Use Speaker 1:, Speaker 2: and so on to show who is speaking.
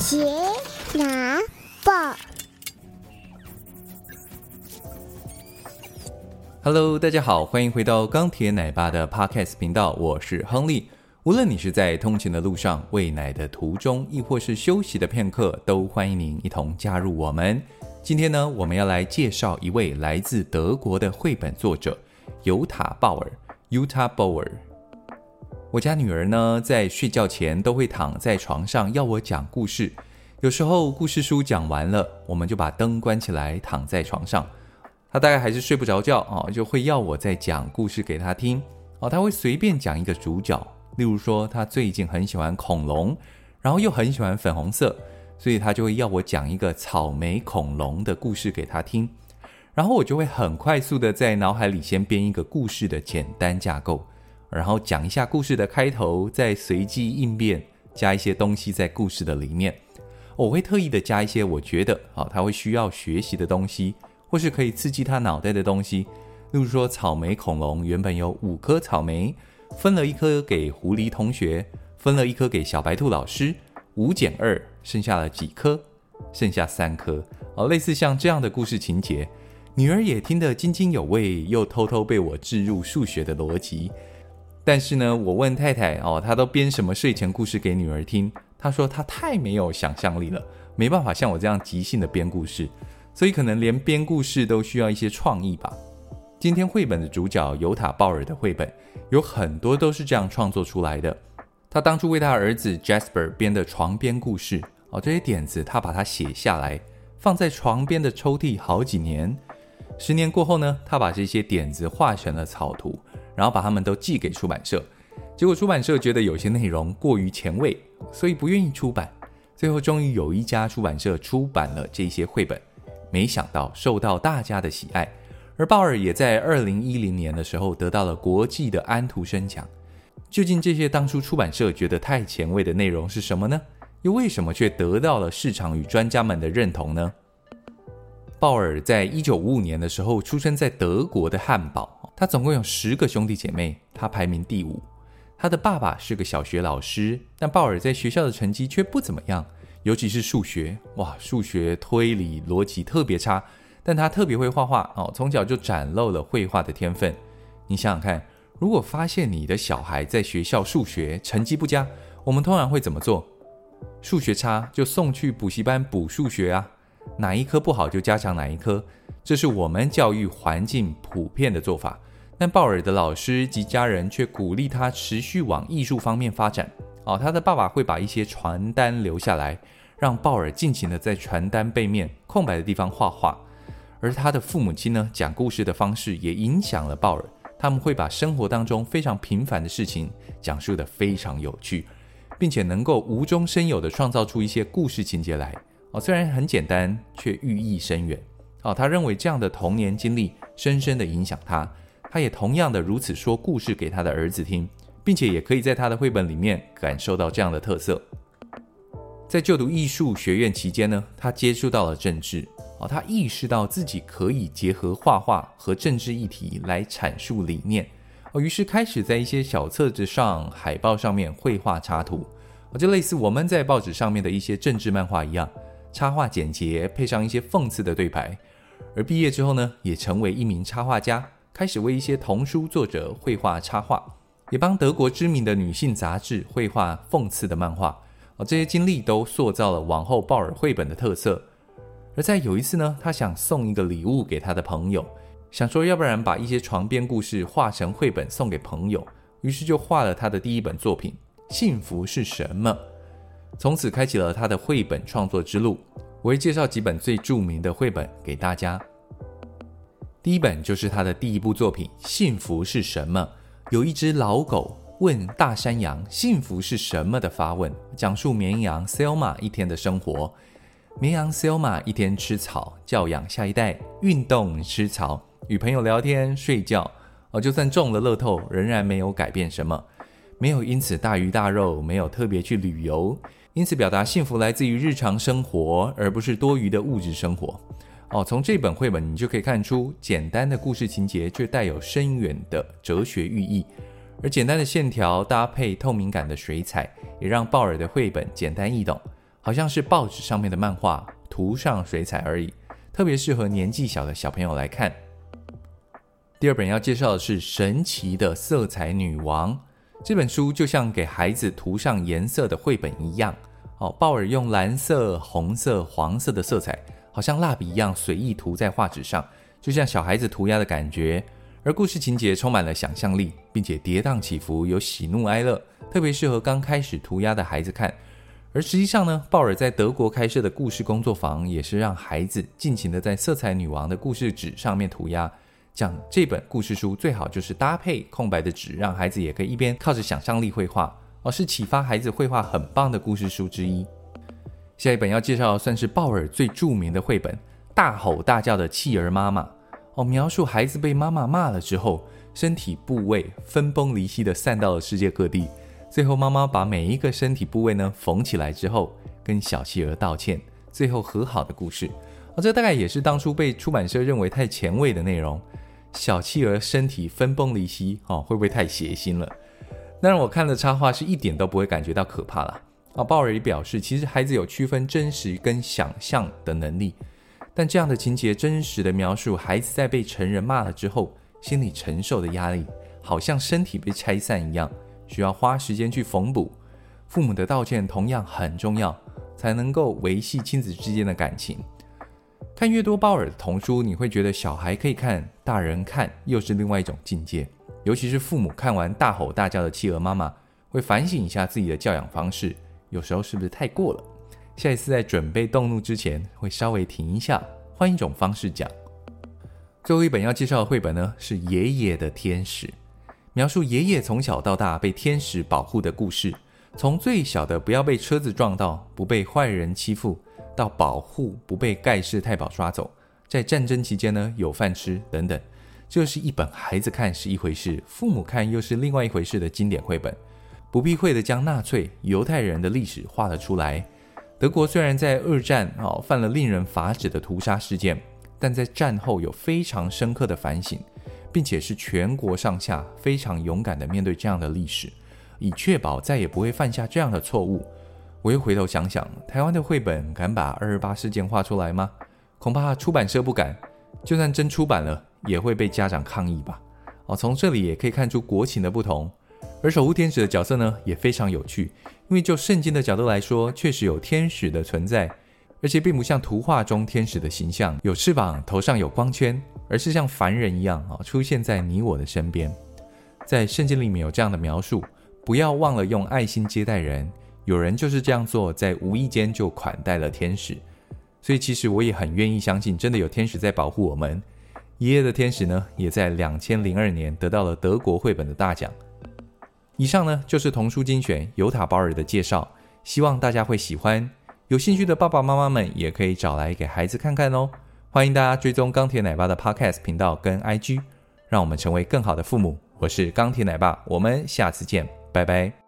Speaker 1: 杰拿報，Hello，大家好，歡迎回到鋼鐵奶爸的 Podcast 頻道，我是亨利。無論你是在通勤的路上、餵奶的途中，亦或是休息的片刻，都歡迎您一同加入我們。今天呢，我們要來介紹一位來自德國的繪本作者尤塔·鮑爾 （Jutta Bauer）。尤塔鮑爾，尤塔鮑爾我家女兒呢，在睡覺前都會躺在床上要我講故事。有時候故事書講完了，我們就把燈關起來躺在床上，她大概還是睡不着覺啊，哦，就會要我再講故事給她聽。哦，她會隨便講一個主角，例如說她最近很喜歡恐龍，然後又很喜歡粉紅色，所以她就會要我講一個草莓恐龍的故事給她聽。然後我就會很快速的在腦海裡先編一個故事的簡單架構。然後講一下故事的開頭，再隨機應變，加一些東西在故事的裡面。哦，我會特意的加一些我覺得好，哦，他會需要學習的東西，或是可以刺激他腦袋的東西。例如說，草莓恐龍原本有五顆草莓，分了一顆給狐狸同學，分了一顆給小白兔老師，五減二，2，剩下了幾顆？剩下三顆。好，哦，類似像這樣的故事情節，女兒也聽得津津有味，又偷偷被我置入數學的邏輯。但是呢，我問太太哦，她都編什麼睡前故事給女兒聽？她說她太沒有想象力了，沒辦法像我這樣即興的編故事，所以可能連編故事都需要一些創意吧。今天繪本的主角尤塔鮑爾的繪本，有很多都是這樣創作出來的。她當初為她兒子 Jasper 編的床邊故事哦，這些點子她把它寫下來，放在床邊的抽屜好幾年，十年過後呢，她把這些點子畫成了草圖。然後把它們都寄給出版社，結果出版社覺得有些內容過於前衛，所以不願意出版。最後終於有一家出版社出版了這些繪本，沒想到受到大家的喜愛。而鮑爾也在2010年的時候得到了國際的安徒生獎。究竟這些當初出版社覺得太前衛的內容是什麼呢？又為什麼却得到了市場與專家們的認同呢？鮑爾在一九五五年的時候出生在德國的漢堡。他總共有十個兄弟姐妹，他排名第五。他的爸爸是個小學老師，但鮑爾在學校的成績卻不怎麼樣，尤其是數學。哇，數學推理邏輯特別差，但他特別會畫畫哦，從小就展露了繪畫的天分。你想想看，如果發現你的小孩在學校數學成績不佳，我們通常會怎麼做？數學差就送去補習班補數學啊，哪一科不好就加強哪一科，這是我們教育環境普遍的做法。但鮑爾的老師及家人卻鼓勵他持續往藝術方面發展。哦，他的爸爸會把一些傳單留下來，讓鮑爾盡情地在傳單背面空白的地方畫畫。而他的父母親呢，講故事的方式也影響了鮑爾。他們會把生活當中非常平凡的事情講述得非常有趣，並且能夠無中生有地創造出一些故事情節來。哦，雖然很簡單，卻寓意深遠。哦，他認為這樣的童年經歷深深地影響他。他也同樣的如此說故事給他的兒子聽，並且也可以在他的繪本裡面感受到這樣的特色。在就讀藝術學院期間呢，他接觸到了政治，啊，他意識到自己可以結合畫畫和政治議題來闡述理念，於是開始在一些小冊子上、海報上面繪畫插圖，就類似我們在報紙上面的一些政治漫畫一樣，插畫簡潔，配上一些諷刺的對白。而畢業之後呢，也成為一名插畫家。開始為一些童書作者繪畫插畫，也幫德國知名的女性雜誌繪畫諷刺的漫畫。而這些經歷都塑造了往後鮑爾繪本的特色。而在有一次呢，他想送一個禮物給他的朋友，想說要不然把一些床邊故事畫成繪本送給朋友，於是就畫了他的第一本作品《幸福是什麼》，從此開啟了他的繪本創作之路。我會介紹幾本最著名的繪本給大家。第一本就是他的第一部作品《幸福是什麼》。有一只老狗問大山羊：“幸福是什麼？”的發問，講述綿羊 Selma 一天的生活。綿羊 Selma 一天吃草，教養下一代，運動，吃草，與朋友聊天，睡覺。哦，就算中了樂透，仍然沒有改變什麼，沒有因此大魚大肉，沒有特別去旅遊，因此表達幸福來自於日常生活，而不是多餘的物質生活。哦，從這本繪本你就可以看出，簡單的故事情節卻帶有深遠的哲學寓意，而簡單的線條搭配透明感的水彩，也讓鮑爾的繪本簡單易懂，好像是報紙上面的漫畫塗上水彩而已，特別適合年紀小的小朋友來看。第二本要介紹的是《神奇的色彩女王》，這本書就像給孩子塗上顏色的繪本一樣。哦，鮑爾用藍色、紅色、黃色的色彩。好像蠟筆一樣隨意塗在畫紙上，就像小孩子塗鴉的感覺。而故事情節充滿了想象力，並且跌宕起伏，有喜怒哀樂，特別適合剛開始塗鴉的孩子看。而實際上呢，鮑爾在德國開設的故事工作坊也是讓孩子盡情地在色彩女王的故事紙上面塗鴉。講這本故事書最好就是搭配空白的紙，讓孩子也可以一邊靠着想象力繪畫，而、哦、是啟發孩子繪畫很棒的故事書之一。下一本要介紹的算是鮑爾最著名的繪本《大吼大叫的企鵝媽媽》哦，描述孩子被媽媽罵了之後，身體部位分崩離析地散到了世界各地，最後媽媽把每一個身體部位呢縫起來之後，跟小企鵝道歉，最後和好的故事。哦，這大概也是當初被出版社認為太前衛的內容，小企鵝身體分崩離析哦，會不會太血腥了？那讓我看了插畫是一點都不會感覺到可怕了。鮑爾也表示，其實孩子有區分真實跟想象的能力，但這樣的情節真實的描述，孩子在被成人罵了之後，心理承受的壓力，好像身體被拆散一樣，需要花時間去縫補。父母的道歉同樣很重要，才能夠維繫親子之間的感情。看越多鮑爾的童書，你會覺得小孩可以看，大人看又是另外一種境界。尤其是父母看完大吼大叫的企鵝媽媽，會反省一下自己的教養方式。有時候是不是太過了？下一次在準備動怒之前，會稍微停一下，換一種方式講。最後一本要介紹的繪本呢，是《爺爺的天使》，描述爺爺從小到大被天使保護的故事，從最小的不要被車子撞到，不被壞人欺負，到保護不被蓋世太保抓走，在戰爭期間呢有飯吃等等。這是一本孩子看是一回事，父母看又是另外一回事的經典繪本。不避諱地將納粹猶太人的歷史畫了出來。德國雖然在二戰啊、哦、犯了令人發指的屠殺事件，但在戰後有非常深刻的反省，並且是全國上下非常勇敢地面對這樣的歷史，以確保再也不會犯下這樣的錯誤。我又回頭想想，台灣的繪本敢把二二八事件畫出來嗎？恐怕出版社不敢。就算真出版了，也會被家長抗議吧。哦，從這裡也可以看出國情的不同。而守護天使的角色呢，也非常有趣，因為就聖經的角度來說，確實有天使的存在，而且並不像圖畫中天使的形象，有翅膀、頭上有光圈，而是像凡人一樣啊，哦，出現在你我的身邊。在聖經裡面有這樣的描述：不要忘了用愛心接待人，有人就是這樣做，在無意間就款待了天使。所以其實我也很願意相信，真的有天使在保護我們。爺爺的天使呢，也在兩千零二年得到了德國繪本的大獎。以上呢，就是童書精選尤塔鮑爾的介紹，希望大家會喜歡。有興趣的爸爸媽媽們也可以找來給孩子看看哦。歡迎大家追蹤鋼鐵奶爸的 Podcast 頻道跟 IG，讓我們成為更好的父母。我是鋼鐵奶爸，我們下次見，拜拜。